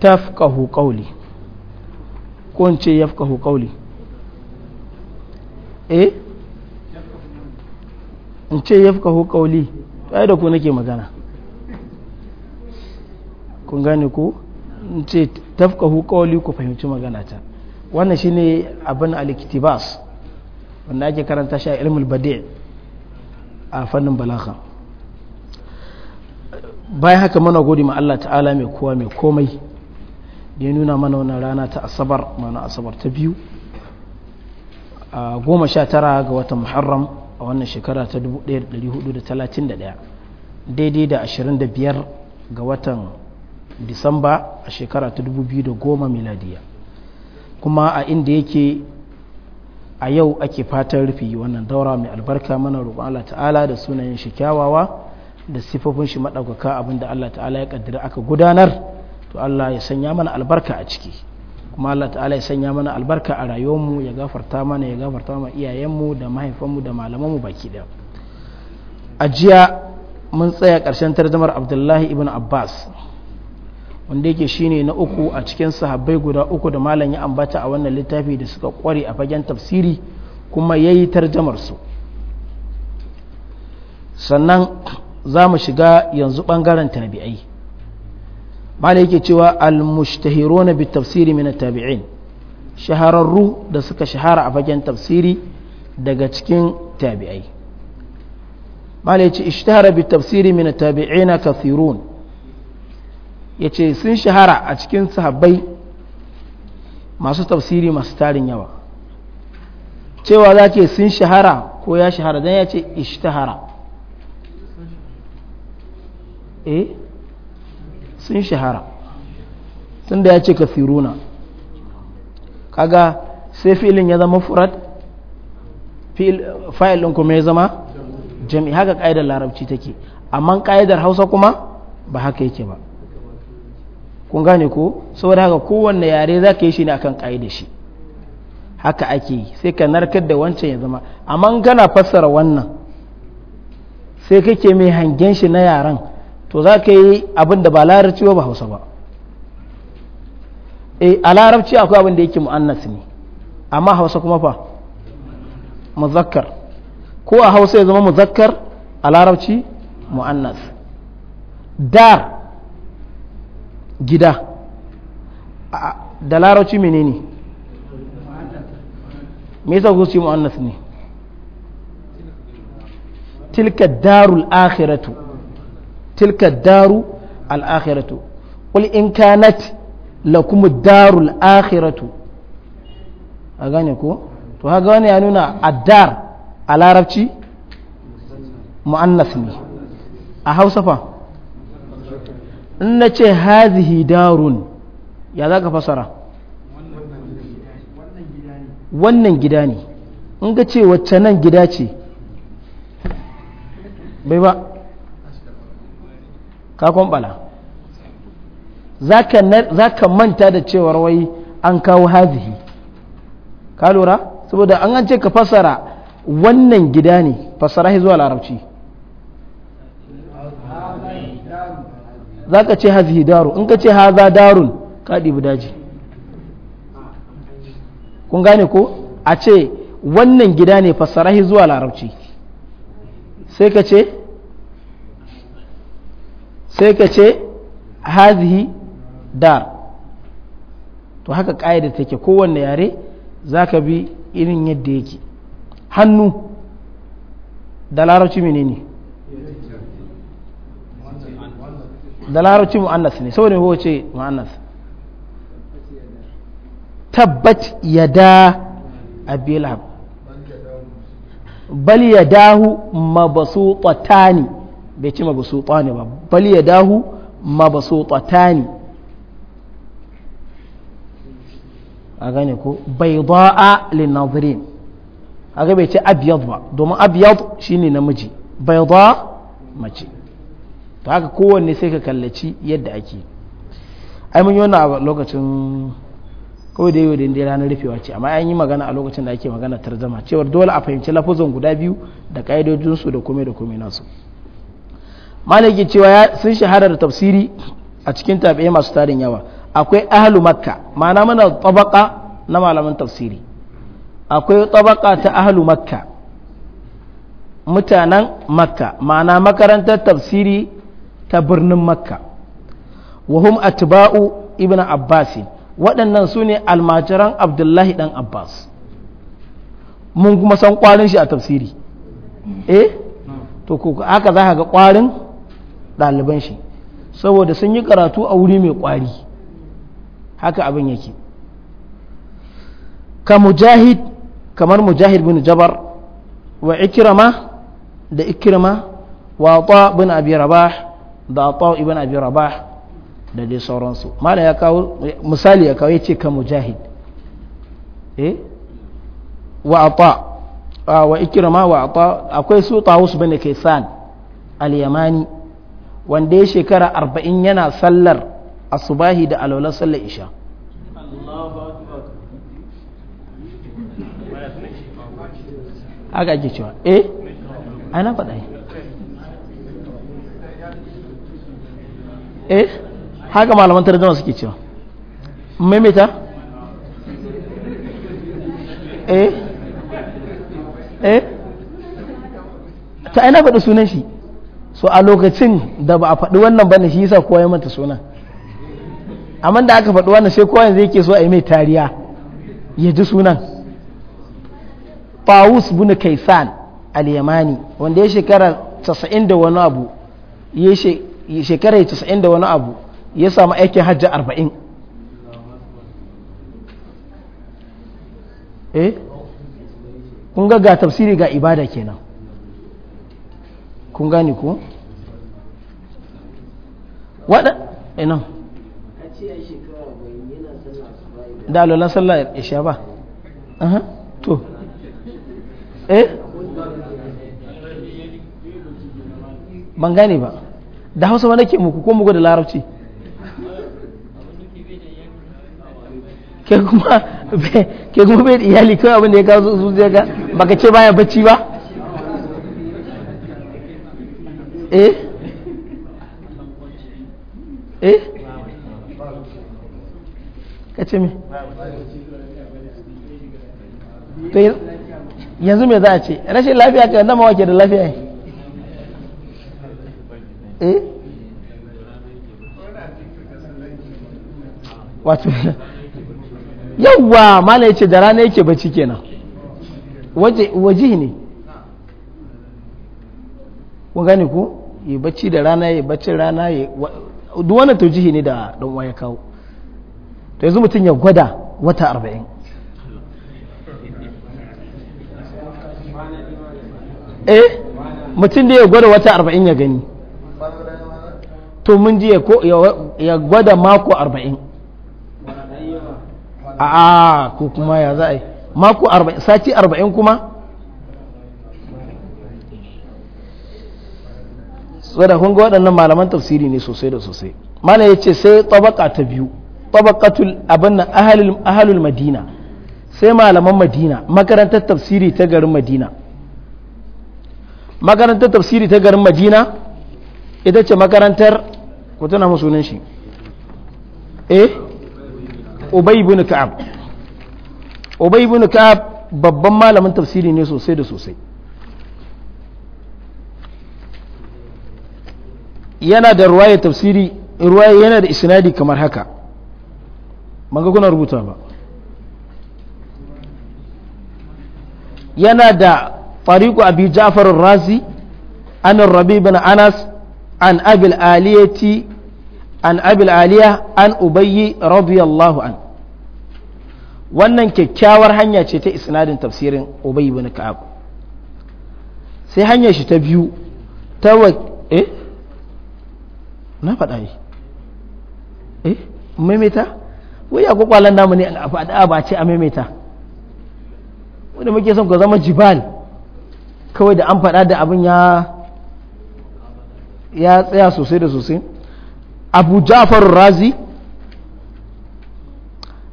tafkahu qawli ko in ce yafqahu qawli eh in ce yafqahu qawli ai da ku nake magana kun gane ku, in ce tafqahu qawli ku fahimci magana ta wannan shine abin al-iktibas wanda ake karanta shi a ilmul badi' a fannin balagha bayan haka mana gode ma Allah ta'ala mai kowa mai komai da ya nuna mana wannan rana ta asabar mana asabar ta biyu a goma sha tara ga watan muharram a wannan shekara ta 1431 daidai da 25 ga watan disamba a shekara ta 2010 miladiya kuma a inda yake a yau ake fatan rufi wannan daura mai albarka mana roƙon Allah ta'ala da sunayen shi kyawawa da sifofin shi maɗaukaka abinda Allah ta'ala ya ƙaddara aka gudanar to Allah ya sanya mana albarka a ciki kuma Allah ta'ala ya sanya mana albarka a rayuwarmu ya gafarta mana ya gafarta mana iyayenmu da mahaifanmu da malamanmu baki ɗaya a jiya mun tsaya ƙarshen tarjamar abdullahi ibn abbas wanda yake shine na uku a cikin sahabbai guda uku da malam ya ambata a wannan littafi da suka kware a fagen tafsiri kuma ya yi su sannan za mu shiga yanzu ɓangaren tabi'ai malai yake cewa almushtahiro na bi tafsiri min tabi'in shahararru da suka shahara a fagen tafsiri daga cikin tabi'ai malai yace ishtahara bi tafsiri min tabi'ina kathirun yace sun shahara a cikin sahabbai masu tafsiri masu tarin yawa cewa za ce sun shahara ko ya shahara don ya ce ishtahara eh sun shahara tunda ya ce kafiruna kaga sai filin ya zama furat fa'il kuma ya zama jami'i haka ƙa'idar larabci take amma ƙa'idar hausa kuma ba haka yake ba kun gane ko saboda haka kowanne yare za ka yi shi ne akan ƙa'ida shi haka ake yi sai ka narkar da wancan ya zama amma kana fassara wannan sai kake mai hangen shi na yaren to za ka yi abin da ba larabci ba hausa ba e a larabci akwai abin da yake mu'annas ne amma hausa kuma fa muzakkar ko a hausa ya zama muzakkar a larabci mu'annas dar gida da larabci menene me yasa ku ce mu'annas ne tilka darul akhiratu تلك الدار الآخرة قل إن كانت لكم الدار الآخرة أغانيكو to haga أنونا الدار على addar مؤنثني أهو mu'annas ne هذه دار يا ذاك na wannan gida ne in ga ce wacce nan gida ce bai ba ka kwambala za ka manta da cewar wai an kawo hazihi ka lura saboda an an ce ka fasara wannan gida ne fasara zuwa larabci za ka ce hazihi daru in ka ce haza darun ka ɗibi daji kun gane ko a ce wannan gida ne fasara zuwa larabci sai ka ce sai ka ce hazihi dar to haka ƙa'ida take kowanne yare za ka bi irin yadda yake hannu da larabci menene da larabci mu'annas ne saboda ko ce mu'annas tabbat yada abilab bal yadahu tsatani bai ce mabsuta ne ba bal ya dahu mabsutatani a gane ko bai ba'a lin nazirin ga bai ci abyad ba domin abyad shine namiji bai ba mace to haka kowanne sai ka kallaci yadda ake ai mun yi wannan a lokacin kawai da yau da dai ranar rufewa ce amma an yi magana a lokacin da ake magana tarzama cewar dole a fahimci lafuzan guda biyu da ka'idojinsu da kome da kome nasu malaki cewa sun shahara da tafsiri a cikin tabi'ai masu tarin yawa akwai ahlu makka ma'ana mana tabaka na malaman tafsiri akwai tabaka ta ahlu makka mutanen makka ma'ana makarantar tafsiri ta birnin makka wahum atba'u ibn abbasin waɗannan su ne almajiran abdullahi ɗan abbas mun kuma san ƙwarin shi a tafsiri eh to haka za ka ga kwarin. ɗaliban shi saboda sun yi karatu a wuri mai ƙwari haka abin yake ka mujahid kamar mujahid bin jabar wa ikirama da ikirama wa ta bin abi rabah da ta ibn abi rabah da dai sauransu mana ya kawo misali ya kawo ya ce ka mujahid eh wa ta ah, wa ikirama wa ta akwai su tawus bane kaisan al-yamani wanda ya shekara arba'in yana sallar asubahi da alwalar sallar isha haka ake cewa eh ana faɗa eh haka malaman tarjama suke cewa maimaita eh eh ta ina faɗi sunan shi so a lokacin da ba a faɗi wannan ba ne shi yasa kowa ya manta suna amma da aka faɗi wannan sai kowa yanzu yake so a yi mai tariya ya ji sunan fawus bin Kaisan al-Yamani wanda ya shekara 90 da wani abu ya shekara 90 da wani abu ya samu aikin hajji 40 eh kun ga ga tafsiri ga ibada kenan kun gane ku waɗa ina eh, da alolan sallah ya ba aha to eh ban gane ba da hausa ba nake muku ko muku da larabci ke kuma bai iyali kawai abin da ya kawo zuciya ga baka ce baya bacci ba eh eh ka yanzu me za a ce rashin lafiya ka nama wake da lafiya eh wato yawwa ya ce da rana yake bacci kenan waje ne ku gane ku yi bacci da rana ya bacci rana ya duk wannan tujihi ne da dan waya kawo to yanzu mutum ya gwada wata arba'in eh mutum da ya gwada wata arba'in ya gani to mun ji ya gwada mako arba'in a ko kuma ya za a yi mako arba'in sati arba'in kuma saboda kun ga waɗannan malaman tafsiri ne sosai da sosai mana ya ce sai tabaka ta biyu tabaqatul abin nan ahalul madina sai malaman madina makarantar tafsiri ta garin madina makarantar tafsiri ta garin madina ita ce makarantar ku tana nan shi eh ubay ibn ka'ab ubay ibn ka'ab babban malamin tafsiri ne sosai da sosai yana da ruwaya tafsiri ruwaya yana da isnadi kamar haka manga kuna rubuta ba yana da fariku abi ja'far razi an rabi bin anas an abil aliyati an abil aliya an ubayyi radiyallahu an wannan kyakkyawar hanya ce ta isnadin tafsirin ubayyi bin ka'ab sai hanyar shi ta biyu ta eh na faɗa yi eh maimaita wai ya lan namu ne a faɗa ba ce a maimaita wanda muke son ku zama jibal kawai da an faɗa da abin ya ya tsaya sosai da sosai abu ja'far razi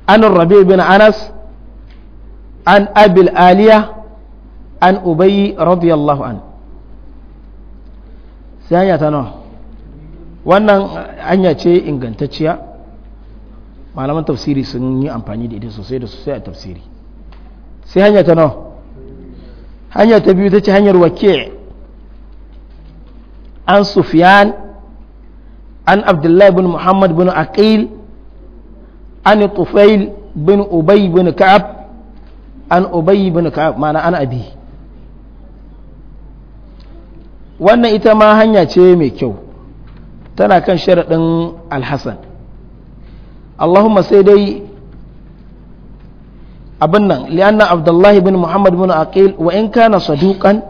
an rabi bin anas an abil aliya an ubayi radiyallahu an sai hanya ta nawa wannan hanya ce ingantacciya malaman tafsiri sun yi amfani da ita sosai da sosai a tafsiri sai hanya ta nawa hanya ta biyu ta ce hanyar wake an sufiyan an abdullahi bin muhammad bin aqil an tufail bin ubay bin ka'ab an ubay bin ka'ab mana an abi wannan ita ma hanya ce mai kyau tana kan sharaɗin alhassan allahumma sai dai abin nan li'anna abdullahi bin muhammad bin aqil wa in kana saduqan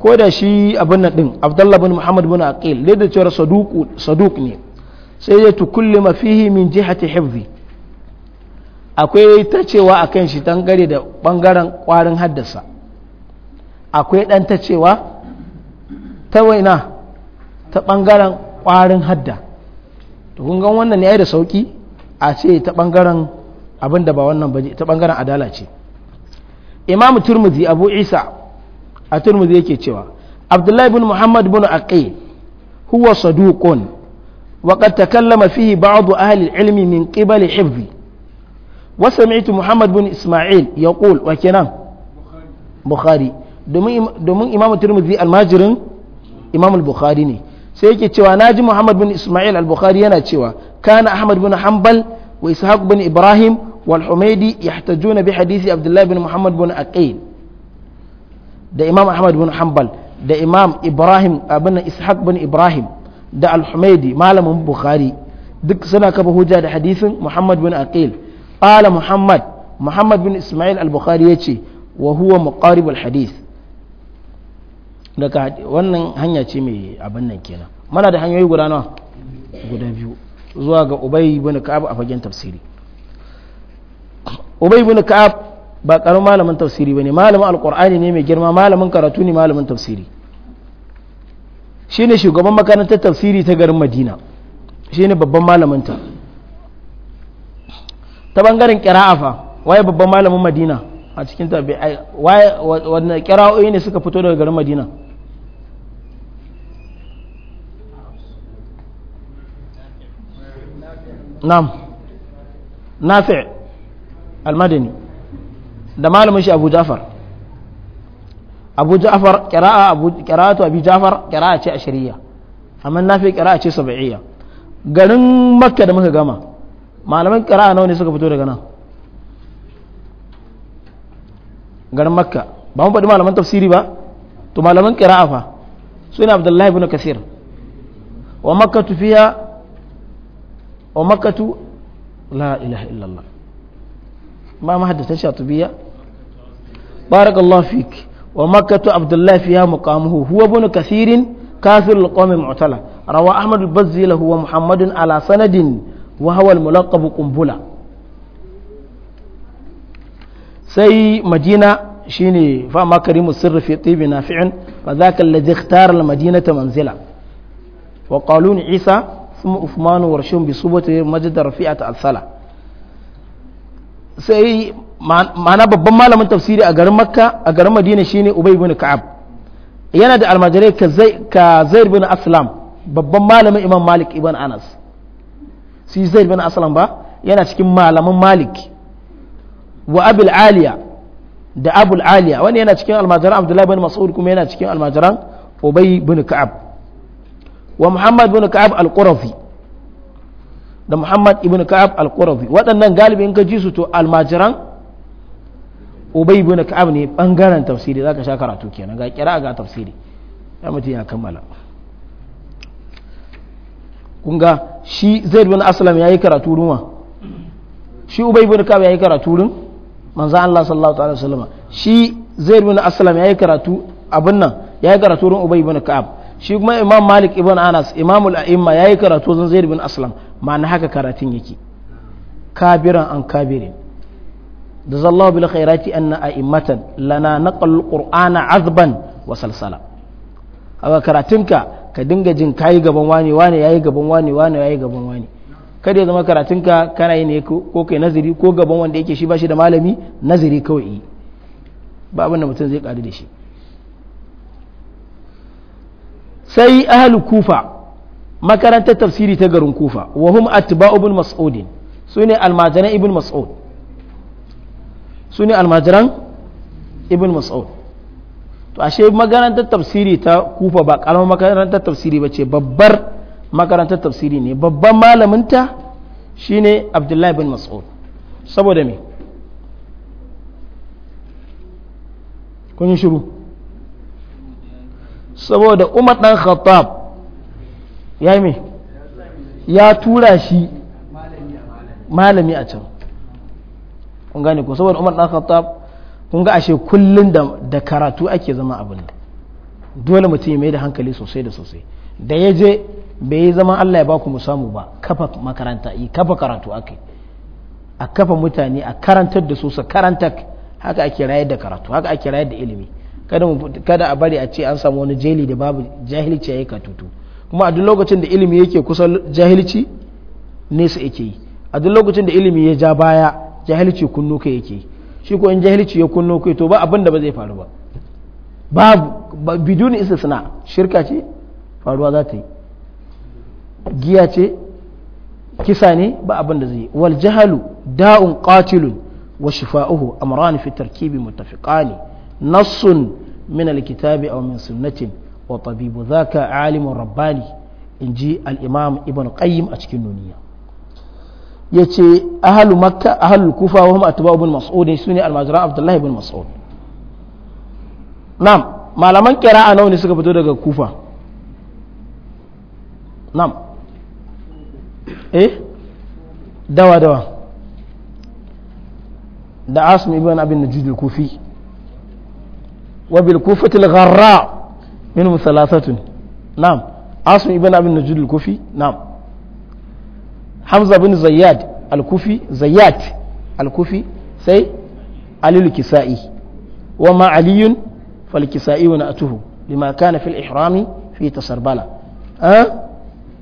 ko da shi abin nan din abdullahi bin muhammad bin aqil da cewar saduq ne sai ya tukullima fihi min jihati hifzi akwai ta cewa akan shi gare da bangaren kwarin haddasa akwai dan ta cewa ta waina ta ɓangaren ƙwarin hadda to kun gan wannan ya yi da sauƙi a ce ta ɓangaren abin da ba wannan ba ta ɓangaren adala ce imamu turmuzi abu isa a turmuzi yake cewa abdullahi bin muhammad bin aqil huwa saduqun wa qad takallama fihi ba'd ahli ilmi min qibali hifzi wa sami'tu muhammad bin isma'il yaqul wa kenan bukhari domin domin imamu turmuzi almajirin imam al-bukhari ne sai yake cewa naji Muhammad bin Ismail al-Bukhari yana cewa kana Ahmad bin Hanbal wa Ishaq bin Ibrahim wal Humaydi yahtajuna bi hadisi Abdullah bin Muhammad bin Aqil da Imam Ahmad bin Hanbal da Imam Ibrahim abin Ishaq bin Ibrahim da al-Humaydi malamin Bukhari duk suna kafa hujja da hadisin Muhammad bin Aqil qala Muhammad Muhammad bin Ismail al-Bukhari yace wa huwa muqarib al-hadith daga wannan hanya ce mai abin nan kenan mana da hanyoyi guda nawa guda biyu zuwa ga ubai ibn ka'ab a fagen tafsiri ubai ibn ka'ab ba karamin malamin tafsiri bane malamin alqur'ani ne mai girma malamin karatu ne malamin tafsiri shine shugaban makarantar tafsiri ta garin madina shine babban malamin ta ta bangaren qira'a fa waye babban malamin madina a cikin tabi'ai waye wannan qira'o'i ne suka fito daga garin madina نعم نافع المدني ده da مشي shi جعفر ابو جعفر قراءه ابو abu ابي جعفر قراءه qira'a ce ashariya amma قراءه qira'a ce garin makka da muka gama malaman qira'a nawa ne suka fito daga nan garin makka ba mun faɗi malaman tafsiri ba to malaman qira'a fa suna abdullahi ibn kasir wa makka tufiya. ومكة لا إله إلا الله ما ما حدث شاطبية بارك الله فيك ومكة عبد الله فيها مقامه هو ابن كثير كافر القوم المعتلى روى أحمد البزي له ومحمد على سند وهو الملقب قنبلة سي مدينة شيني فما كريم السر في طيب نافع فذاك الذي اختار المدينة منزلا وقالون عيسى ثم عثمان ورشون بصوبة مجد رفيعة الثلا ما ma'ana babban malamin tafsiri a garin makka a garin madina shine ubay bin ka'ab yana da almajirai ka zair bin aslam babban malamin imam malik ibn anas si zair bin aslam ba yana cikin malamin malik wa abul aliya da abul aliya wani yana cikin almajiran abdullahi bin mas'ud kuma yana cikin almajiran ubay bin ka'ab wa muhammad ibn ka'ab al-qurafi da muhammad ibn ka'ab al-qurafi waɗannan in ka ji su to almajiran ubay ibn ka'ab ne bangaren tafsiri zaka sha karatu kenan ga kira ga tafsiri ya mutum ya kammala kun ga shi zaid bin aslam yayi karatu ruwa shi ubay ibn ka'ab yayi karatu ruwa manzo Allah sallallahu alaihi wasallam shi zaid bin aslam yayi karatu abin nan yayi karatu ruwa ubay ibn ka'ab shi kuma imam malik ibn anas imamul a'imma yi karatu zan zaid bin aslam ma'ana haka karatun yake kabiran an kabirin da zallahu bil khairati anna a'immatan lana naqal qur'ana azban wa salsala haka karatunka ka dinga jin yi gaban wani wani yayi gaban wani wani yayi gaban wani kada ya zama karatunka kana yi ne ko kai nazari ko gaban wanda yake shi ba shi da malami nazari kawai ba abin da mutum zai kadu da shi sai ahlul kufa makarantar tafsiri ta garin kufa wa hum atba'u ibn mas'ud sune almajiran ibn mas'ud sune almajiran ibn mas'ud to ashe makarantar tafsiri ta kufa ba karamar makarantar tafsiri ba babbar makarantar tafsiri ne babban malaminta shine abdullahi bin mas'ud saboda me kun shiru saboda umar dan khattab ya yi ya tura shi malami a can kun gane ko saboda umar dan khattab kun ga ashe kullum da karatu ake zama abin da dole mutum ya mai da hankali sosai da sosai da ya je bai yi zaman Allah ya ba ku samu ba kafa makaranta yi kafa karatu ake a kafa mutane a karantar da su su karanta haka ake rayar da karatu haka ake rayar da ilimi kada a bari a ce an samu wani jeli da babu jahilci ya yi katutu kuma a duk lokacin da ilimi yake kusan jahilci nesa yake yi a duk lokacin da ilimi ya ja baya jahilci kunno kai yake yi shi ko in jahilci ya kunno kai to ba abin da ba zai faru ba babu isa istisna shirka ce faruwa za ta yi giya ce kisa ne ba abin da zai yi wal jahalu da'un qatilun wa shifa'uhu amran fi tarkibi muttafiqani nassun min alkitabi aw min sunnatin wa tabibu zaka alimun rabbani in ji al'imam ibn qayyim a cikin nuniya ya ce ahalu makka ahalu kufa wa huma atba'u ibn mas'ud su ne almajiran abdullahi ibn mas'ud nam malaman qira'a nawa ne suka fito daga kufa nam eh dawa dawa da asim ibn وبالكوفة الغراء منهم ثلاثة نعم عاصم بن أبي النجود الكوفي نعم حمزة بن زياد الكوفي زياد الكوفي سي علي الكسائي وما علي فالكسائي ونأته لما كان في الإحرام في تسربلة أه؟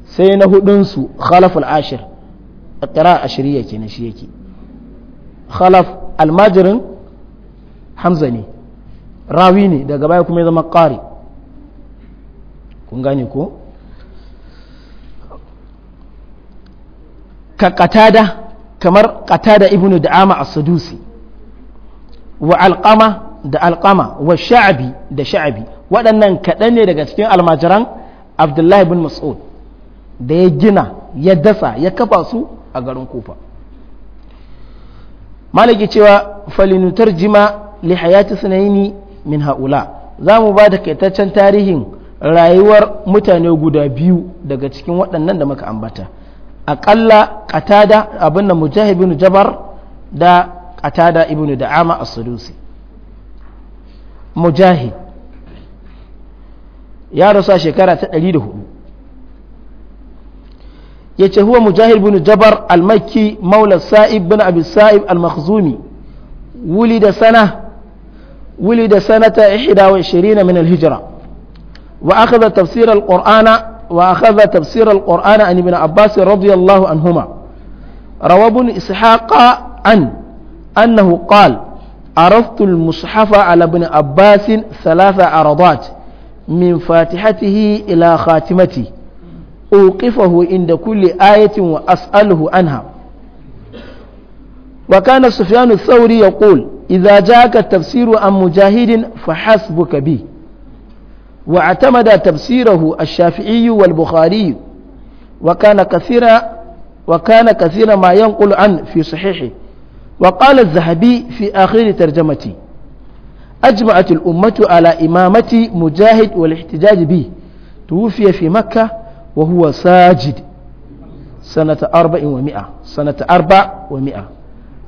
سي نهدنس خلف العاشر القراءة عشرية كي نشيكي خلف الماجرن حمزة ني rawi ne daga baya kuma ya zama ƙari kun gane ko ka kamar katada ibnu da'ama a sadusi wa Alkama da Alkama wa sha'abi da sha'abi waɗannan kaɗan ne daga cikin almajiran abdullahi bin mas'ud da ya gina ya dasa ya kafa su a garin kofa, malaki cewa falinutar jima li hayati sunaini min haula za mu ba da kaitaccen tarihin rayuwar mutane guda biyu daga cikin waɗannan da muka ambata aƙalla qatada abin da mujahid ibn jabar da qatada ibn da'ama as-sudusi mujahid ya rasu a shekara ta 104 yace huwa mujahid ibn jabar al-makki maula sa'ib ibn abi sa'ib al-makhzumi sana ولد سنة 21 من الهجرة وأخذ تفسير القرآن وأخذ تفسير القرآن عن ابن عباس رضي الله عنهما روى ابن إسحاق عن أنه قال عرضت المصحف على ابن عباس ثلاث عرضات من فاتحته إلى خاتمته أوقفه عند كل آية وأسأله عنها وكان سفيان الثوري يقول إذا جاءك التفسير عن مجاهد فحسبك به واعتمد تفسيره الشافعي والبخاري وكان كثيرا وكان كثيرا ما ينقل عنه في صحيحه وقال الذهبي في آخر ترجمتي أجمعت الأمة على إمامة مجاهد والاحتجاج به توفي في مكة وهو ساجد سنة أربع ومئة سنة أربع ومئة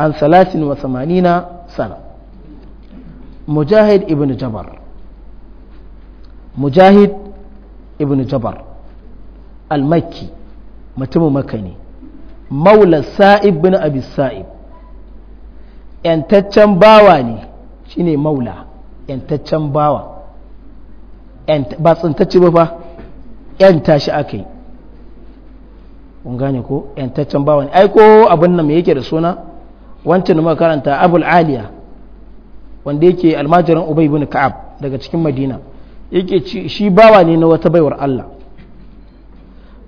عن ثلاث وثمانين sana mujahid ibn jabar mujahid ibn jabar al-makki mutumin makani ne maula sa'ib bin abi sa'ib yantaccen bawa ne shine maula yantaccen bawa ba tsintacce ba fa yanta shi aka yi kun gane ko yantaccen bawa ne aiko abin nan me yake da suna wancan muka karanta abul aliya wanda yake almajirin ubay bin ka'ab daga cikin madina yake shi bawa ne na wata baiwar Allah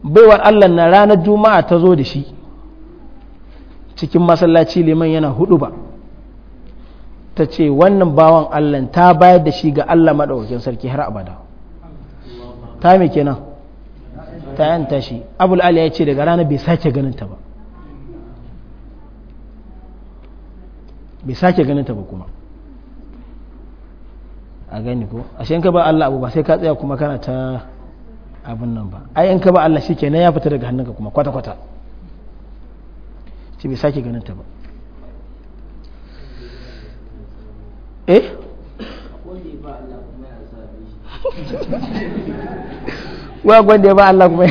baiwar Allah na ranar juma'a ta zo da shi cikin masallaci liman yana hudu ba ta ce wannan bawan Allah ta bayar da shi ga Allah maɗaukakin sarki har abada ta mai kenan ta yanta shi abul aliya ya ce daga rana bai sake ganin ta ba bai sake ganin ta ba kuma a gani ko ashe shi ka ba Allah abu ba sai ka tsaya kuma kana ta abin nan ba ai in ka ba Allah na ya fita daga hannunka kuma kwata kwata shi bai sake ganin ta ba eh wa gwanda ya ba Allah kuma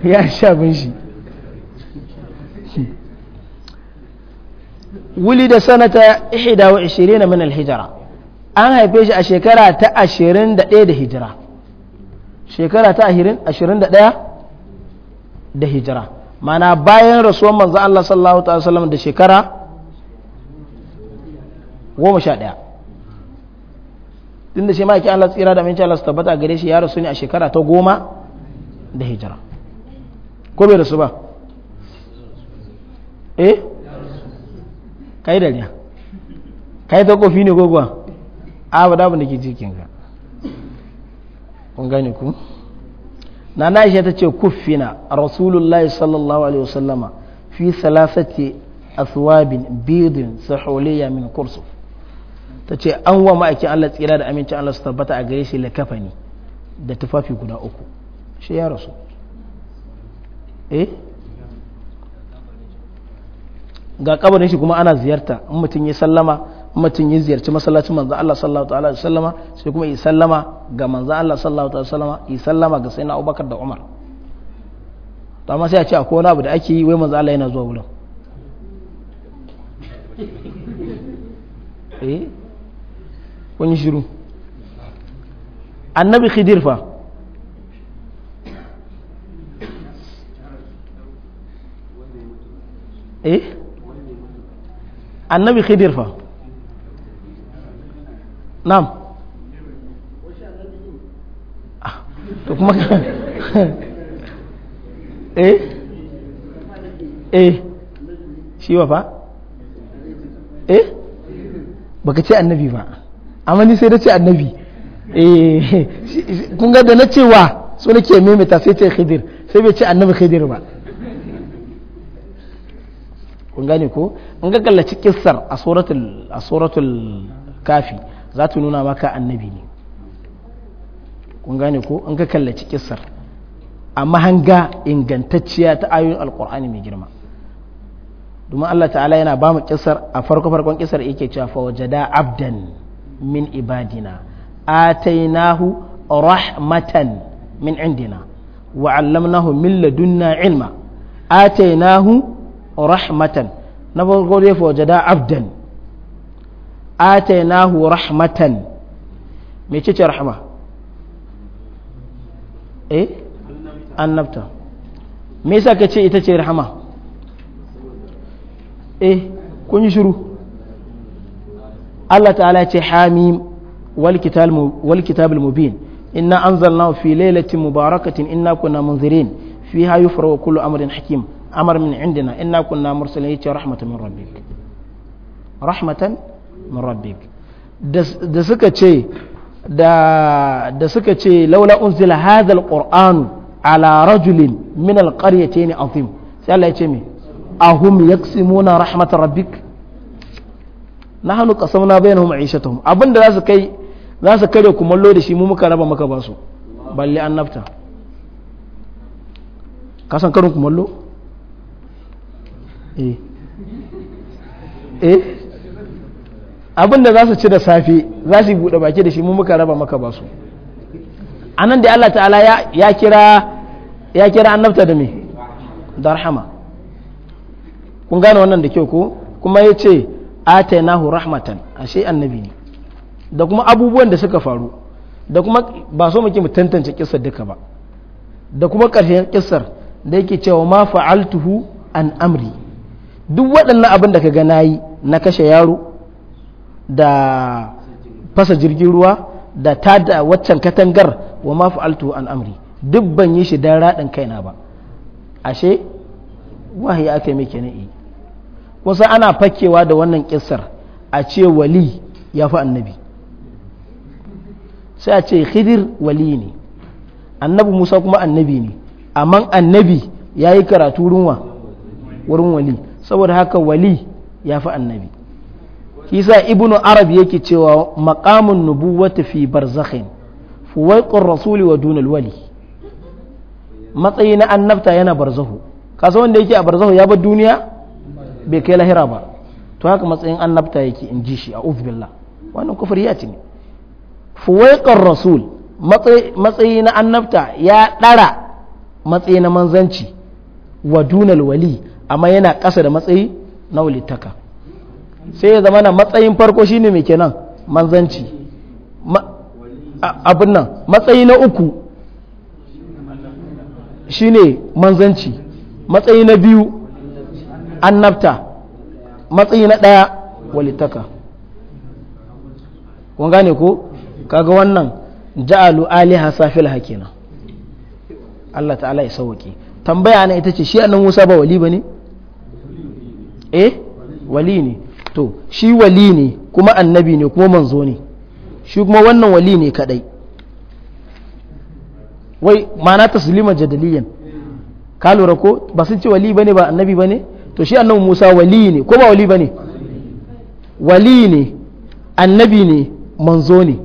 ya shafin shi ولد سنة 21 من الهجرة an haife shi a shekara ta ashirin da da hijira shekara ta ashirin da ɗaya da hijira mana bayan rasuwan manzo Allah sallallahu ta'ala da shekara goma sha ɗaya tun da shi ma yake Allah tsira da minci Allah su tabbata gare shi ya rasu ne a shekara ta goma da hijira ko bai rasu ba eh kai da dariya kai ta kofi ne gogwa a ba dabin da ke cikin ka kun gani ku na na ishe ta ce na rasulullah sallallahu alaihi wasallama fi salasati aswabin bidin saholiya min kursu ta ce an wa ma'aikin Allah tsira da amincin Allah su tabbata a gare shi la ne da tufafi guda uku shi ya rasu eh ga kabarin shi kuma ana ziyarta in mutum ya sallama in mutum ya ziyarci masallacin manzo Allah sallallahu alaihi sallama sai kuma ya sallama ga manzo Allah sallallahu alaihi sallama ya sallama ga sayyidina Abubakar da Umar to amma sai a ce akwai wani abu da ake yi wai manzo Allah yana zuwa wurin eh kun shiru annabi khidir fa eh annabi khidir fa na'am ah, to kuma eh eh shi wa fa eh baka ce annabi ba amma ni sai da ce annabi eh kun ga da na cewa so nake maimaita sai ce khidir sai bai ce annabi khidir ba kun gane ko in ka kallaci kissar a suratul a suratul kafi za ta nuna maka annabi ne kun gane ko in ka kallaci kissar a mahanga ingantacciya ta ayoyin alqur'ani mai girma domin Allah ta'ala yana ba mu kissar a farko farkon kissar yake cewa fa wajada abdan min ibadina atainahu rahmatan min indina wa 'allamnahu min ladunna ilma atainahu rahmatan na farko dai fawajada abdan atainahu rahmatan me ce rahma eh annabta me yasa ka ce ita ce rahama eh kun yi shiru Allah ta'ala ce hamim wal kitab mubin inna anzalnahu fi lailatin mubarakatin inna kunna munzirin fiha yufrahu kullu amrin hakim amar min indina inna kunna mursalin yace rahmatan min rabbik rahmatan min rabbik da suka ce da da suka ce laula unzila hadha alqur'anu ala rajulin min alqaryatayn azim sai Allah yace me ahum yaqsimuna rahmat rabbik nahnu qasamna bainahum aishatuhum abinda zasu kai zasu kare kumallo da shi mu muka raba maka basu balle annabta kasan karin kumallo e abin da za su ci da safe za su buɗe baki da shi mu muka raba maka ba su anan da Allah ta'ala ya kira ya kira da me da rahama kun gane wannan da kyau ko kuma ya ce atainahu rahmatan ashe annabi ne da kuma abubuwan da suka faru da kuma ba so muke mu tantance kissar duka ba da kuma ƙarshen kissar da yake cewa ma fa'altuhu an amri duk waɗannan abin da ka ga yi na kashe yaro da fasa jirgin ruwa da ta da waccan katangar wa ma altu an amri duk ban yi shi don raɗin kaina ba ashe wahayi aka mai kenan eh. kusa ana fakewa da wannan kissar a ce wali ya fi annabi sai a ce khidir wali ne annabi musa kuma annabi ne amma annabi ya yi karatu wurin wali saboda haka wali ya fi annabi kisa ibnu arab yake cewa maqamun nubuwati fi barzakhin fuwaiqur rasuli wa dunal wali matsayi na annabta yana barzahu kasa wanda yake a barzahu ya bar duniya bai kai lahira ba to haka matsayin annabta yake in ji shi a billah wannan kufur ya ci ne fuwaiqur rasul matsayi na annabta ya ɗara matsayi na manzanci wa dunal wali amma yana ƙasa da matsayi na walittaka sai ya zama na matsayin farko shine mai kenan manzanci abin nan matsayi na uku shine manzanci matsayi na biyu annabta matsayi na ɗaya walittaka kun gane ko kaga wannan ja'alu aliha safil hakina Allah ta'ala ya sauke tambaya na ita ce shi annan Musa ba wali bane ne eh wali ne to shi wali ne kuma annabi ne kuma manzo ne shi kuma wannan wali ne kadai wai mana taslima jadaliyan ka lura ko ba sun ce wali bane ba annabi bane to shi annabi Musa wali ne ko ba wali bane wali ne annabi ne manzo ne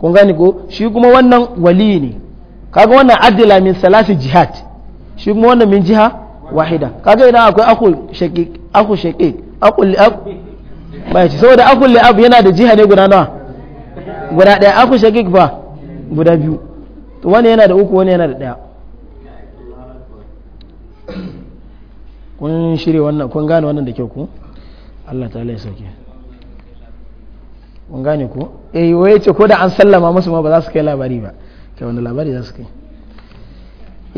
kun gane ko shi kuma wannan wali ne kaga wannan adila min salasi jihad shi kuma wannan min jiha wahida kaga idan akwai akul shaki akul shaki akul li ab bai ci saboda akul li ab yana da jiha ne guda nawa guda daya akul shaki ba guda biyu to wani yana da uku wani yana da daya kun shirye wannan kun gane wannan da kyau ku Allah ta'ala ya sauke kun gane ku eh waye ce ko da an sallama musu ma ba za su kai labari ba kai wani labari za su kai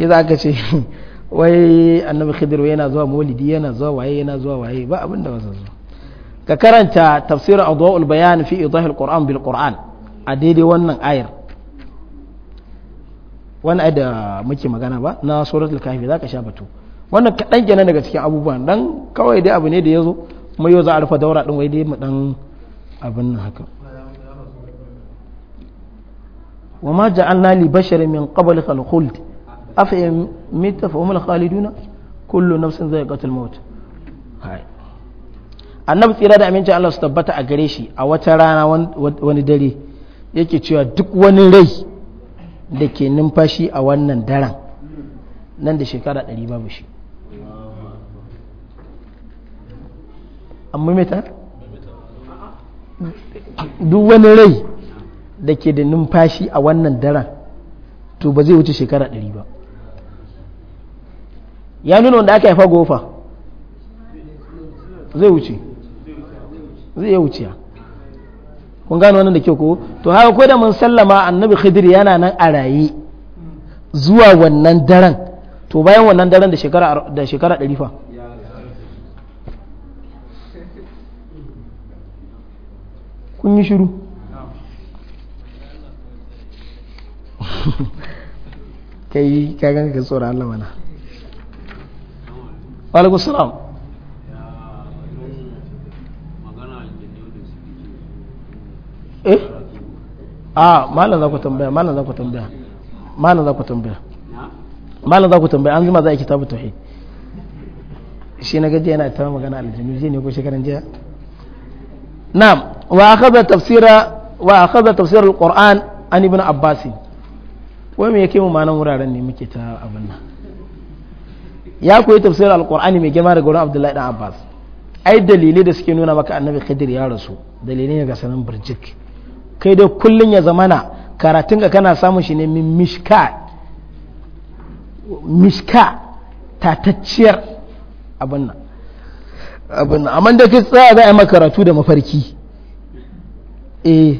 za aka ce wai annabi khidir yana zuwa maulidi yana zuwa waye yana zuwa waye ba abin da ba zo ka karanta tafsirin adwaul bayan fi idahil qur'an bil qur'an a daidai wannan ayar wannan ayar da muke magana ba na surat suratul kahfi zaka sha batu wannan kaɗan kenan daga cikin abubuwan dan kawai dai abu ne da ya zo mai yau za a rufe daura ɗin wai dai mu ɗan abin nan haka wa ma ja'alna li basharin min qabli al-khuld afe mita fa umar khaliduna kullu nafsin za'iqatul maut annabi tsira da amince Allah su tabbata a gare shi a wata rana wani dare yake cewa duk wani rai da ke numfashi a wannan daren nan da shekara ɗari babu shi amma mita duk wani rai da ke da numfashi a wannan daren to ba zai wuce shekara ɗari ba ya nuna wanda aka haifa gofa zai wuce zai iya wuciya kun gano wannan da kyau ko to haka ko da mun sallama annabi khidir yana nan a raye zuwa wannan daren to bayan wannan daren da shekara da shekara 100 fa kun yi shiru kai ka ganka ka tsora Allah mana alaikum salam eh ah malam za ku tambaya malam za ku tambaya malam za ku tambaya malam za ku tambaya an zuma za a kitabu tauhid shi na gaji yana ta magana aljanu je ne ko shekaran jiya na'am wa akhadha tafsira wa akhadha tafsir alquran an ibn abbas wai me yake mu manan wuraren ne muke ta abin nan ya koyi tafsirin alkur'ani mai girma daga wurin abdullahi dan abbas ai dalilai da suke nuna maka annabi khidir ya rasu dalilai ne ga sanin birjik kai dai kullun ya zamana karatun ka kana samun shi ne min mishka mishka tatacciyar abin nan abin nan amma da kai tsaya za a yi maka karatu da mafarki eh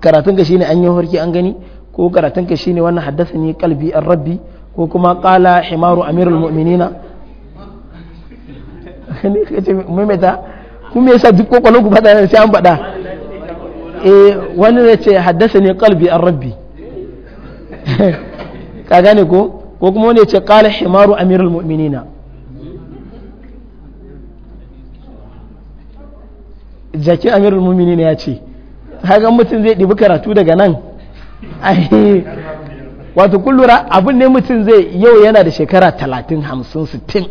karatun ka shine an yi mafarki an gani ko karatun ka shine wannan haddasa ni kalbi an rabbi ko kuma qala himaru amirul mu'minina maimaita kuma sa duk kokolon ku fada sai an bada eh wani ne ce haddasa ne kalbi an rabbi ka gane ko ko kuma wani ya ce qala himaru amirul mu'minina jakin amirul mu'minina ya ce hagan mutum zai ɗibi karatu daga nan wato kun lura abin ne mutum zai yau yana da shekara talatin hamsin sittin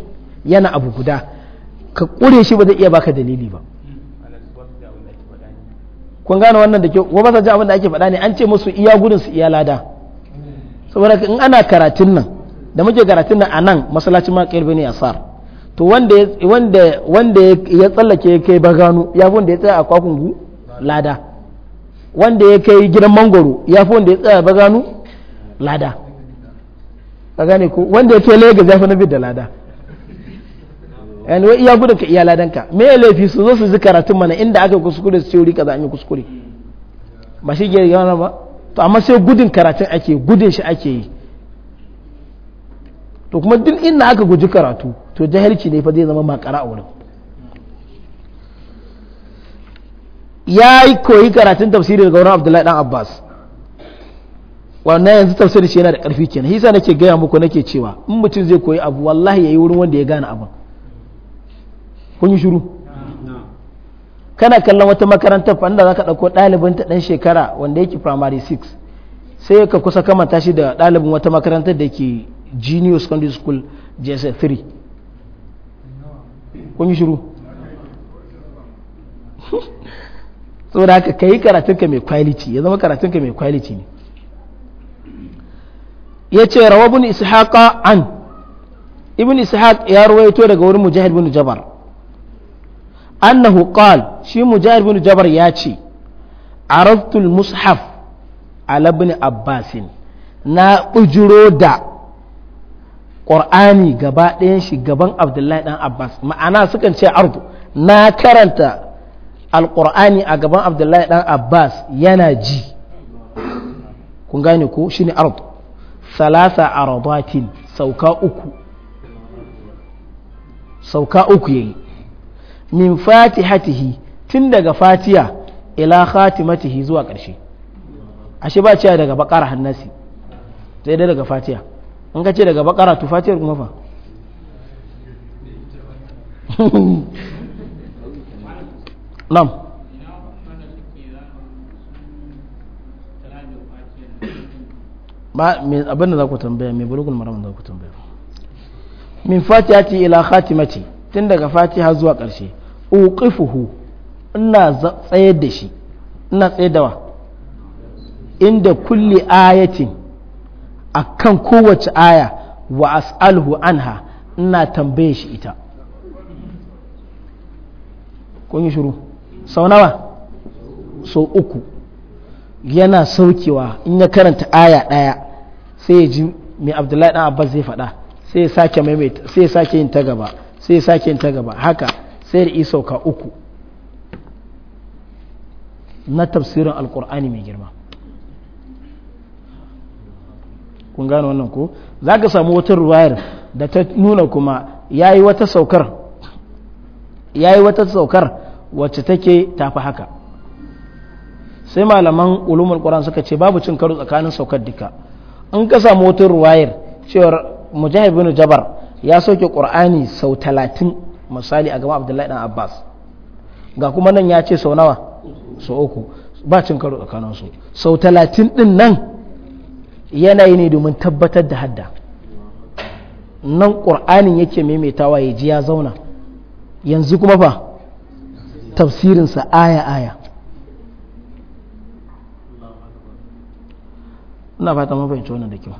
yana abu guda ka ƙure shi ba zai iya baka dalili ba kun gane wannan da kyau wa ba ji abin da ake faɗa ne an ce musu iya gudun su iya lada saboda in ana karatun nan da muke karatun nan a nan masallacin ma ƙirbi ne asar to wanda ya tsallake ya kai bagano ya fi wanda ya tsaya a kwakungu lada wanda ya kai gidan mangoro ya fi wanda ya tsaya bagano lada ka gane ko wanda yake lagos ya fi na da lada yani iya gudun ka iya ladan ka me ya laifi su zo su ji karatun mana inda aka kuskure su teori za a yi kuskure ba shi gyara yana ba to amma sai gudun karatun ake gudun shi ake yi to kuma duk inda aka guji karatu to jahilci ne fa zai zama makara a wurin ya yi koyi karatun tafsirin daga wurin abdullahi dan abbas wannan yanzu tafsiri shi yana da ƙarfi kenan yasa nake gaya muku nake cewa in mutum zai koyi abu wallahi yayi wurin wanda ya gane abu kun yi shiru kana kallon wata makarantar fa inda zaka dauko ɗalibin ta dan shekara wanda yake primary 6 sai ka kusa kama tashi da ɗalibin wata makarantar da ke junior secondary school JS 3 kun yi shiru saboda haka kai karatunka mai quality ya zama karatunka mai quality ne ya ce rawa bin ishaqa an ibn ishaq ya ruwaito daga wurin mujahid bin jabar annahu qal shi mujahid bin jabar ya ce araftu mushaf ala ibn abbasin na bujuro da ƙur'ani gaba ɗayan shi gaban abdullahi dan abbas ma'ana sukan ce ardu na karanta alƙur'ani a gaban abdullahi dan abbas yana ji kun gane ko shine ardu salasa rabatin sauka uku sauka uku yayi min fatihatihi tun daga fatiya ila khatimatihi zuwa ƙarshe ashe ba ciya daga bakara hannasi sai dai daga fatiya in ka ce daga bakara tu fatiyar kuma fa nam abin da za ku tambaya mai bulugul maram za ku tambaya min fatihati ila khatimati tun daga fatiha zuwa ƙarshe uqifuhu ina tsayar da shi ina tsayar inda kulli ayatin akan kowace aya wa as'alhu anha ina tambaye shi ita kun yi shiru sau nawa sau uku yana saukewa in ya karanta aya ɗaya sai ya ji mai abdullahi ɗan abbas zai faɗa sai ya sake maimaita sai ya sake yin ta gaba sai ya sake yin ta gaba haka sai da isauka uku na tafsirin Alƙur'ani mai girma kun gano wannan ko za ka samu wata ruwayar da ta nuna kuma ya yi wata saukar wacce take tafi haka sai malaman ulumul qur'an suka ce babu cin karo tsakanin saukar duka an ka samu wata ruwayar cewar mujahid bin jabar ya sauke qur'ani sau talatin misali a gaban abdullahi dan abbas ga kuma nan ya ce sau nawa sau uku ba cin karo tsakanin su sau talatin din nan yanayi ne domin tabbatar da hadda nan ƙur'anin yake maimaitawa ya ji ya zauna yanzu kuma fa tafsirinsa aya-aya ina fata mun fahimci wannan da kyau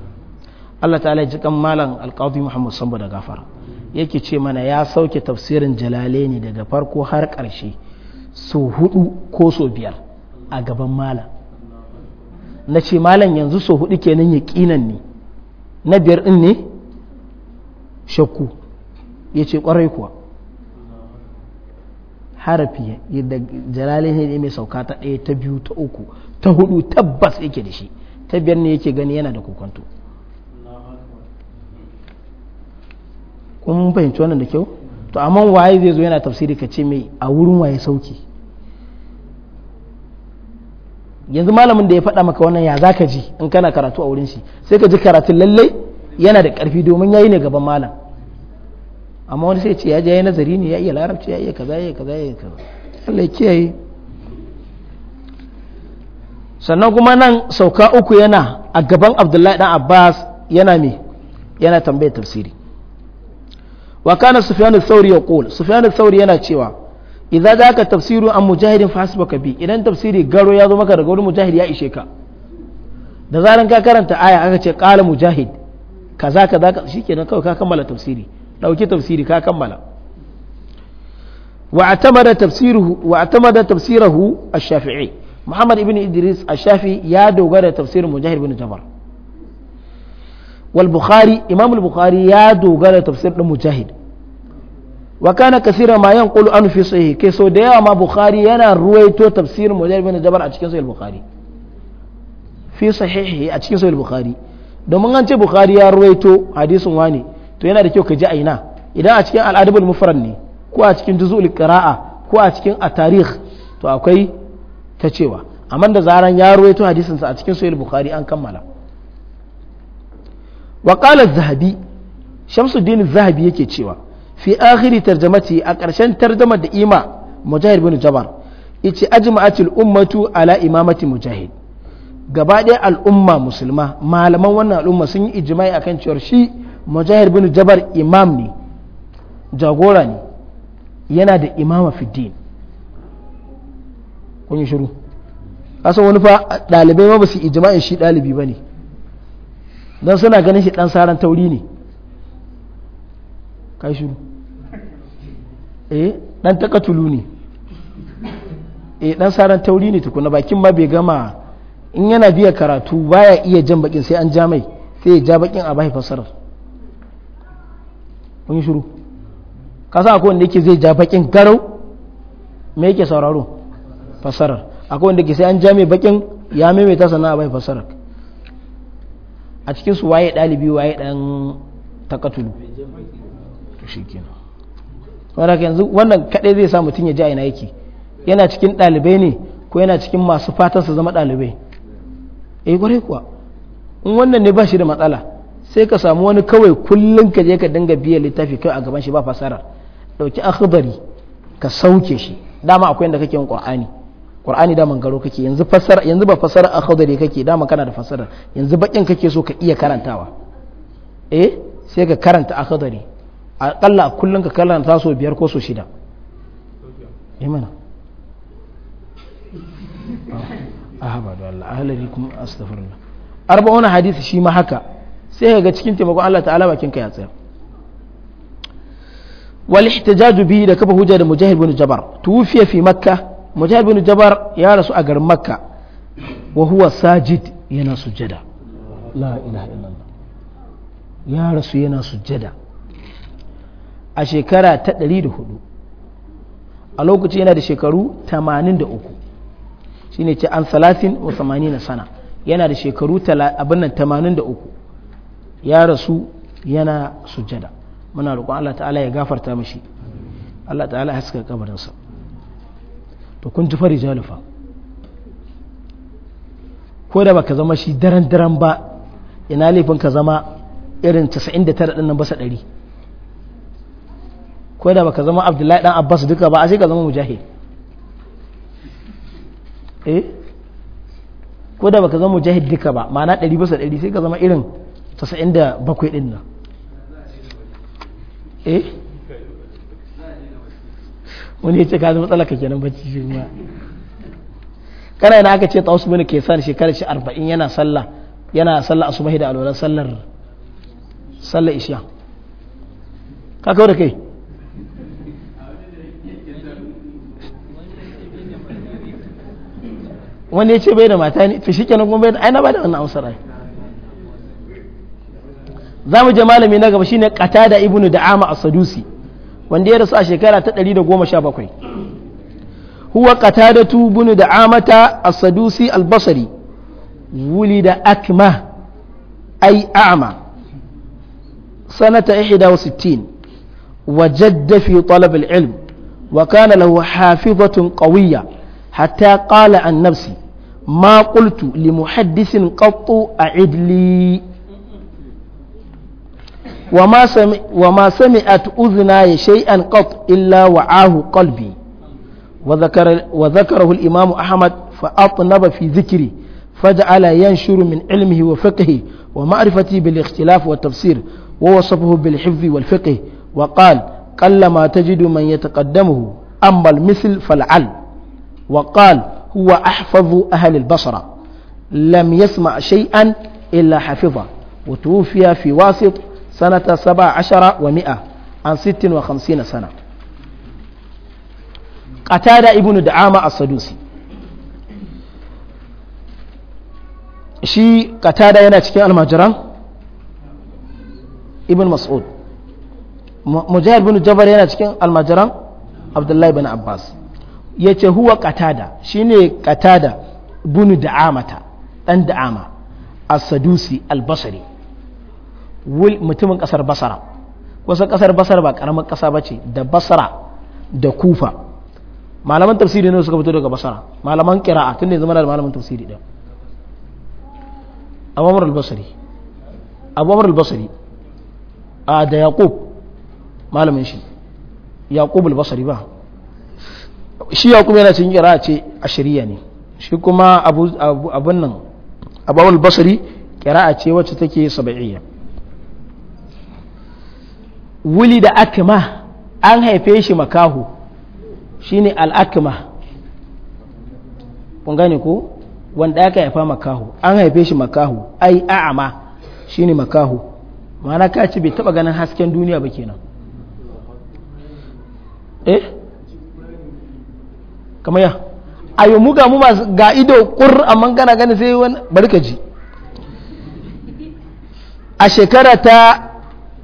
Allah ta'ala ji kan malam alqadi Muhammad Sambo da gafar yake ce mana ya sauke tafsirin Jalale ne daga farko har ƙarshe so hudu ko so biyar a gaban malam na ce malam yanzu so hudu kenan ya kinan ne na biyar din ne shakku ya ce kwarai kuwa harafi yadda jalale ne mai sauka ta ɗaya ta biyu ta uku ta hudu tabbas yake da shi ta biyar ne yake gani yana da kokonto kun fahimci wannan da kyau to amma waye zai zo yana tafsiri ka ce mai a wurin waye sauki yanzu malamin da ya faɗa maka wannan ya zaka ji in kana karatu a wurin shi sai ka ji karatun lallai yana da ƙarfi domin yayi ne gaban malam amma wani sai ce ya je ya nazari ne ya iya larabci ya iya kaza ya iya kaza ya iya kaza Allah kiyaye sannan kuma nan sauka uku yana a gaban abdullahi dan abbas yana mai yana tambayar tafsiri wa kana sufyan al-thawri kula sufyan al-thawri yana cewa idza zaka tafsiru an mujahidin fasbaka bi idan tafsiri garo ya zo maka daga wurin mujahid ya ishe ka da zaran ka karanta aya aka ce qala mujahid kaza kaza shikenan kawai ka kammala tafsiri dauki tafsiri ka kammala wa atamada tafsiruhu wa atamada tafsirahu ash-shafi'i muhammad ibn idris ashafi ya dogara da tafsirin mujahid bin jabar wal imam al ya dogara da tafsir din mujahid wa kana kasira ma yanqulu an fi sahih so da yawa ma bukhari yana ruwaito tafsirin mujahid bin jabar a cikin sahih bukhari fi sahihi a cikin sahih bukhari domin an ce bukhari ya ruwaito hadisin wani to yana da kyau ka je a ina idan a cikin al'adabul mufrad ne ko a cikin juzul qira'a ko a cikin at-tarikh to akwai ta cewa amma da zaran ya ruwaito hadisin sa a cikin sahih bukhari an kammala wa qala zahabi shamsuddin zahabi yake cewa fi akhiri tarjamati a ƙarshen tarjamar da ima mujahid bin jabar yace ajma'atul ummatu ala imamati mujahid gaba ɗaya al'umma musulma malaman wannan al'umma sun yi a akan cewar shi mujahid bin jabar imam ne jagora ne yana da imama fiddin kun yi shiru kasan wani fa dalibai ma ba su ijma'in shi dalibi ba ne don suna ganin shi ɗan saran tauri ne kai shiru eh ɗan takatulu ne eh ɗan saran tauri ne tukuna bakin ma bai gama in yana biya karatu baya iya jan bakin sai an ja mai sai ya ja bakin a bai fasarar kun yi shiru kasa akwai wanda yake zai ja bakin garau me yake sauraro fasarar akwai wanda ke sai an jami bakin ya maimaita sana a bai fasarar a cikin su waye dalibi waye dan takatulu to shikenan wanda yanzu wannan kadai zai sa mutum ya ji aina yake yana cikin dalibai ne ko yana cikin masu fatan su zama dalibai eh kwarai kuwa in wannan ne ba shi da matsala sai ka samu wani kawai kullum ka je ka dinga biya littafi kai a gaban shi ba fasarar dauki akhdari ka sauke shi dama akwai inda kake yin qur'ani qur'ani da garo kake yanzu fassara yanzu ba fassara a khadari kake da kana da fassara yanzu bakin kake so ka iya karantawa eh sai ka karanta a khadari akalla kullun ka karanta so biyar ko so shida eh mana ah ba da Allah astaghfirullah arba'una hadisi shi ma haka sai ka ga cikin taimakon Allah ta'ala bakin ka ya tsaya wal ihtijaju bi da kafa hujja da mujahid bin jabar tufiya fi makkah mujahid bin jabar ya rasu a garin makka wa huwa sajid yana sujada la ilaha illallah ya rasu yana sujada a shekara ta 104 a lokaci yana da shekaru 83 shine ce an salatin wa 80 sana yana da shekaru abin nan 83 ya rasu yana sujada muna roƙon Allah ta'ala ya gafarta mashi Allah ta'ala haska kabarinsa to kun ji fari jalufa ko da baka zama shi daren daren ba ina laifin ka zama irin 99 ɗin nan basa ɗari ko da baka zama abdullahi dan abbas duka ba a sai ka zama mujahid eh ko da baka zama mujahid duka ba ma'ana 100 sa ɗari, sai ka zama irin 97 ɗin nan eh wani ya ce ka zama tsalaka kenan bacci shi ma kana yana aka ce ta wasu bin kesan shekarar shi arba'in yana sallah yana sallah asubahi da alwala sallar sallar isha ka kawo da kai wani ya ce bai da mata ne to shi kenan kuma bai da aina ba da wannan amsar ai za mu je malami na gaba shine qatada ibnu da'ama as-sadusi wanda ya rasu a shekara ta 117 huwa qatadatu bin da amata a sadusi al-basri wulida akma ay a'ma sanata 61 wajadda fi talab al-ilm wakana kana lahu hafizatun qawiyya hatta qala an nafsi ma qultu li muhaddisin a a'idli وما, سمع وما سمعت أذناي شيئا قط إلا وعاه قلبي وذكر وذكره الإمام أحمد فأطنب في ذكري فجعل ينشر من علمه وفقهه ومعرفته بالاختلاف والتفسير ووصفه بالحفظ والفقه وقال قلما تجد من يتقدمه أما المثل فالعل وقال هو أحفظ أهل البصرة لم يسمع شيئا إلا حفظه وتوفي في واسط sanata saba ashara wa mi'a an sittin wa hamsina sana qatada ibnu da'ama as-sadusi shi qatada yana cikin almajiran ibn mas'ud mujahid bin jabar yana cikin almajiran abdullahi abbas ya ce huwa katada shine qatada bunu da'amata dan da'ama as-sadusi al-basri mutumin kasar basara kusan kasar basara ba karamar kasa ba ce da basara da kufa malaman tafsiri ne suka fito daga basara malaman kira'a tun ne zama da malaman tafsiri ɗin abubuwar albasari abamar albasari a da yaƙub malamin shi yaƙub albasari ba shi yaqub yana cin kira'a ce a shari'a ne shi kuma abun nan abamar albasari kira'a ce wacce take sabaiya wuli da akima an haife shi makahu shine al'akima kun gane ko wanda aka haifa makahu an haife shi makahu ai a'ama shine makahu ma'ana ka ci bai taba ganin hasken duniya ba kenan eh kamar ya ayo mu ga mu ga ido kur amma gana gani sai wani barkaji a shekara ta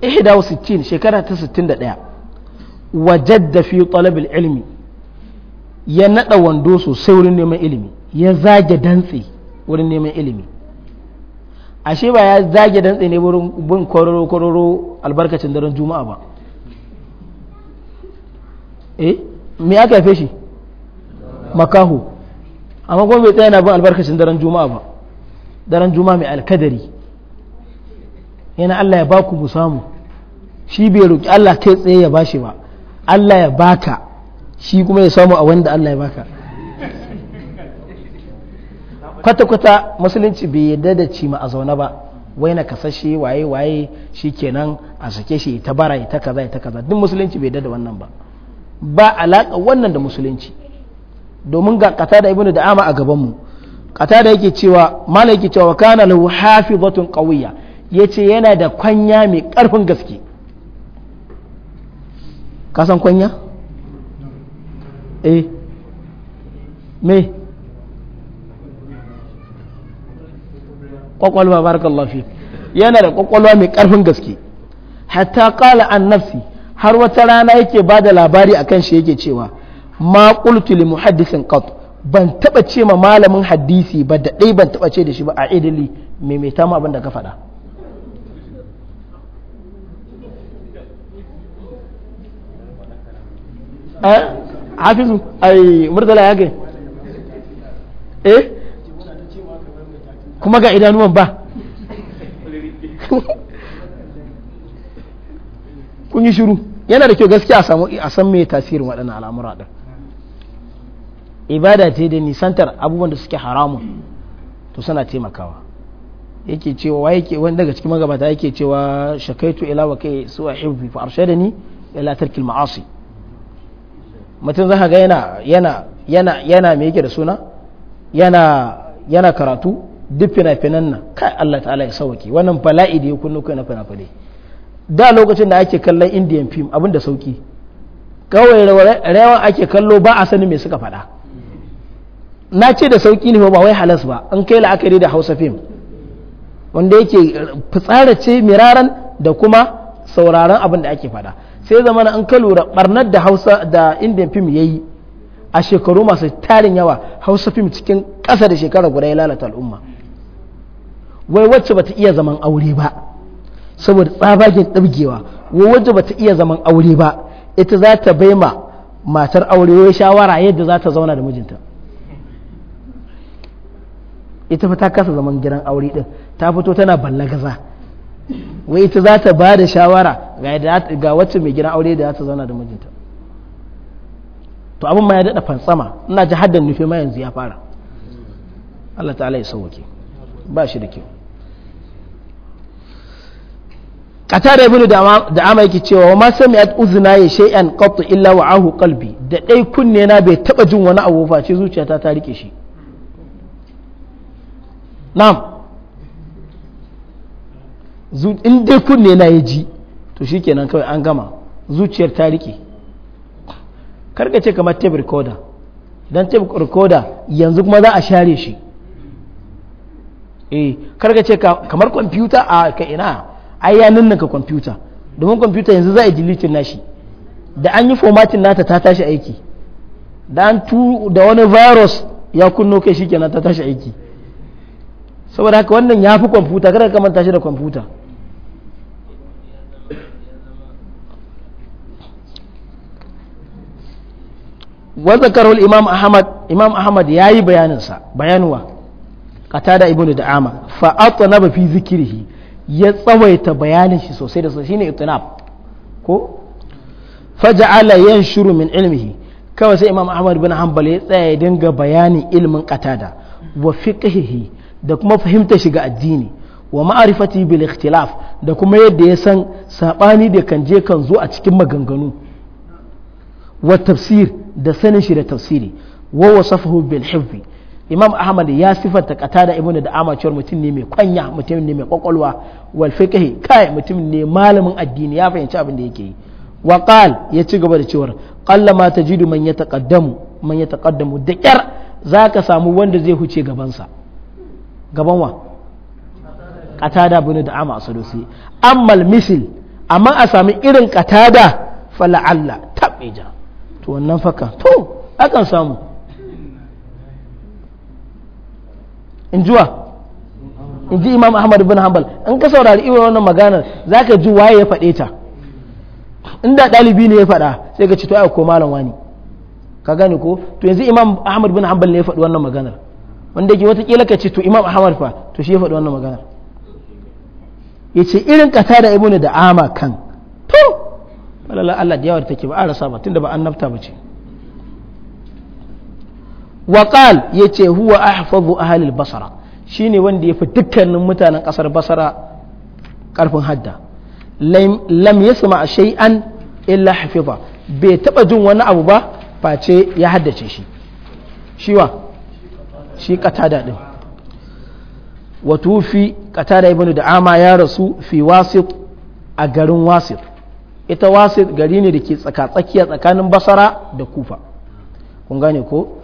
ihda sittin shekara ta sittin da ɗaya wajadda fi talabil ilmi ya naɗa wando sosai wurin neman ilimi ya zage dantse wurin neman ilimi ashe ba ya zage dantse ne wurin bin kororo kororo albarkacin daren juma'a ba eh me aka yafe shi makaho amma kuma bai tsaya na bin albarkacin daren juma'a ba daren juma'a mai alkadari yana Allah ya baku ku samu shi bai roƙi Allah kai tsaye ya bashi ba Allah ya baka shi kuma ya samu a wanda Allah ya baka kwata-kwata musulunci bai yarda da ci a zaune ba wai na kasashe waye waye shi kenan a sake shi ta bara ta kaza ta kaza duk musulunci bai yarda da wannan ba ba alaƙa wannan da musulunci domin ga kata da ibnu da'ama a gabanmu kata da yake cewa mana yake cewa kana lahu hafizatun qawiyya ya ce yana da kwanya mai ƙarfin gaske kasan kwanya? eh me ƙwaƙwalwa yana da ƙwaƙwalwa mai ƙarfin gaske hatta ƙala an nafsi har wata rana yake ba da labari a kan shi yake cewa ma qultu li muhaddisin qat ban taba ce ma malamin hadisi ba da ɗai ban taba ce da shi ba a idili maimaita ma abin da ka faɗa eh ai murdala ya gai eh kuma ga idanuwan ba kun yi shiru yana da kyau gaskiya a san mai tasirin waɗannan al'amura ɗin ibada ce da nisantar abubuwan da suke haramun to suna taimakawa yake cewa wa yake wani daga cikin magabata yake cewa shakaitu ila wa kai su a hibbi fa arshadani ila tarkil ma'asi mutum za ga yana yana yana yana me yake da suna yana yana karatu duk fina-finan nan kai Allah ta'ala ya sauke wannan bala'i da ya kunnu kai na fina-finai da lokacin da ake kallon indian film abin da sauki kawai rawan ake kallo ba a sani me suka faɗa na ce da sauki ne ba wai halas ba an kai la'akari da hausa film wanda yake fitsara ce miraran da kuma sauraron abin da ake faɗa sai zama an ka lura barnar da hausa da indian film ya yi a shekaru masu tarin yawa hausa film cikin ƙasa da shekara guda ya lalata al'umma wai wacce bata iya zaman aure ba saboda tsabagen ɗabgewa wai wacce bata iya zaman aure ba ita za ta bai ma matar aure wai shawara yadda za ta zauna da mijinta ita fa ta kasa zaman gidan aure din ta fito tana gaza, wai ita za ta ba da shawara ga wacce mai gina aure da ya ta zauna da mijinta to abin ma ya daɗa fansama ina ji haddan nufe ma yanzu ya fara Allah ta ya sauwake ba shi da kyau da ibnu da ama yake cewa wa ma sami'at uzna ya shay'an qattu illa wa'ahu qalbi da dai kunne na bai taba jin wani abu face zuciyata ta rike shi na'am in dai kunne na ya ji to shi kenan kawai an gama zuciyar ta riƙe karka ce kamar tape recorder don tape recorder yanzu kuma za a share shi eh karka ce kamar kwamfuta a ka ina ai ya ninninka kwamfuta domin kwamfuta yanzu za a na nashi da an yi formatin nata ta tashi aiki da an tu da wani virus ya kunno kai shi kenan ta tashi aiki saboda haka wannan ya fi kwamfuta kada ka manta shi da kwamfuta wa zakaru imam ahmad imam ahmad yayi bayanin sa bayanuwa qatada ibnu da'ama fa atnaba fi ya tsawaita bayanin shi sosai da sosai shine itnab ko faja'ala yanshuru min ilmihi kawai sai imam ahmad bin hanbal ya tsaya ya dinga bayanin ilmin katada wa fiqhihi da kuma fahimta shiga addini wa ma'arifati bil ikhtilaf da kuma yadda ya san saɓani da kan je kan zo a cikin maganganu wa tafsir da sanin shi da tafsiri wa wasafahu bil hifzi imam ahmad ya sifanta qatada ibn da amacewar mutum ne mai kwanya mutum ne mai kwakwalwa wal ka kai ne malamin addini ya fahimci abin da yake yi wa ya ci gaba da cewar qalla ma tajidu man yataqaddamu man yataqaddamu da kyar zaka samu wanda zai huce gaban sa gaban ammal misil amma a sami irin qatada fala'alla tabija to wannan faka to akan samu in juwa in ji imam ahmad bin hanbal in ka saurari iwa wannan maganar za ka ji waye ya faɗe ta inda ɗalibi ne ya faɗa sai ka ci to ai ko malam wani ka gane ko to yanzu imam ahmad bin hanbal ne ya faɗi wannan maganar wanda ke watakila ka ce to imam ahmad fa to shi ya faɗi wannan maganar ya ce irin kata da ibnu da ama kan to malala Allah da yawa da take ba a rasa ba tunda ba annabta ba ce wa qal yace huwa ahfazu ahli basara basra shine wanda yafi dukkanin mutanen ƙasar basara ƙarfin hadda lam yasma shay'an illa hafiza bai taɓa jin wani abu ba face ya haddace shi wa shi qatada din wa tufi qatada ibnu da'ama ya rasu fi wasit a garin wasit ita wasu gari ne da ke tsakatsakiya tsakanin basara da kufa kun gane ko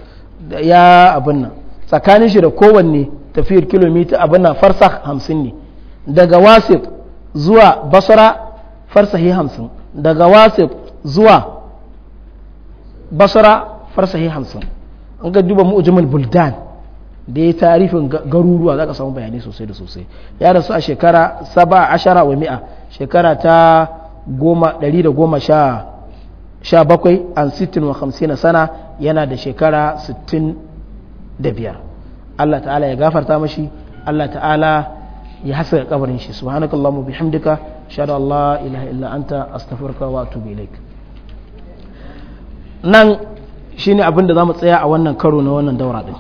ya abin nan tsakanin shi da kowanne tafiyar kilomita abin nan farsa hamsin ne daga wasu zuwa basara farsahi hamsin daga wasu zuwa basara farsahi hamsin an ga duba mu mu'jamul buldan da ya tarifin garuruwa za ka samu bayanai sosai da sosai ya rasu a shekara saba ashara wa mi'a shekara ta 117 an 56 sana yana da shekara 65 Allah ta'ala ya gafarta mashi Allah ta'ala ya hasa kabarin shi subhanakallahumma bihamdika shada Allah ilaha illa anta astaghfiruka wa atubu ilaik nan shine abin da zamu tsaya a wannan karo na wannan daura din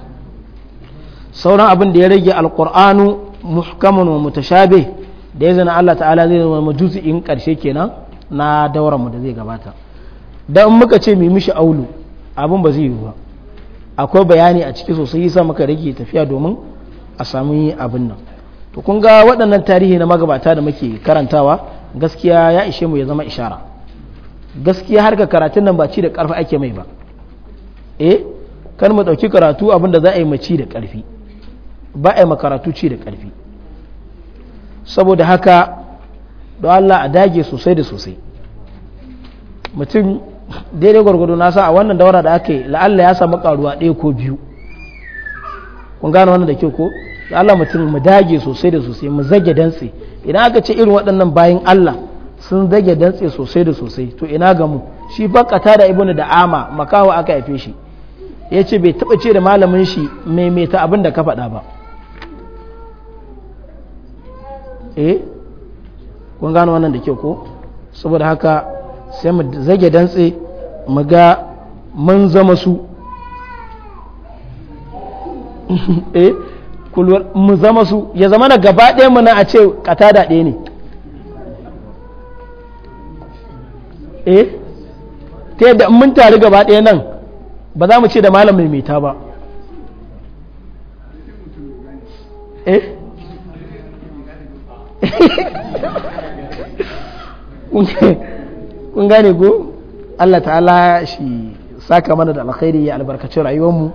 sauran abin da ya rage alqur'anu muhkamun wa mutashabih da izinin Allah ta'ala zai zama majusi in karshe kenan na dauran mu da zai gabata dan muka ce mu mishi aulu abin ba zai yi ba akwai bayani a ciki sosai yasa muka rage tafiya domin a samu abin nan to kun ga waɗannan tarihi na magabata da muke karantawa gaskiya ya ishe mu ya zama ishara gaskiya har ka karatun nan ba ci da karfi ake mai ba eh kan mu dauki karatu abin da za a yi ci da karfi ba a yi makaratu ci da karfi saboda haka don Allah a dage sosai da sosai mutum daidai gwargwado nasa a wannan daura da aka yi la'alla ya samu karuwa ɗaya ko biyu kun gane wannan da kyau ko da Allah mutum mu dage sosai da sosai mu zage dantse idan aka ce irin waɗannan bayan Allah sun zage dantse sosai da sosai to ina ga mu shi bakata da ibnu da ama makawa aka haife shi ya ce bai taɓa ce da malamin shi maimaita abin da ka faɗa ba eh kun gano wannan da kyau ko saboda haka sai mu zage dantse mu ga mun zama su eh mu zama su ya zama na gaba ɗaya mu na a ce kata da ɗaya ne eh ta yadda mun tare gaba ɗaya nan ba za mu ce da malam maimaita ba eh kun gane ko Allah ta'ala shi saka mana da alkhairi ya albarkaci rayuwarmu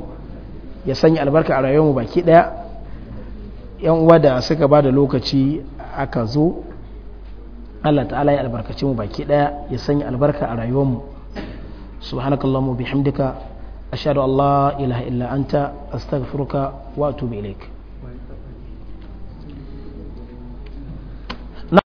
ya sanya albarka a rayuwarmu baki daya yan uwa da suka ba da lokaci aka zo Allah ta'ala ya albarkaci mu baki daya ya sanya albarka a rayuwarmu subhanakallahumma bihamdika ashhadu an la ilaha illa anta astaghfiruka wa atubu ilaik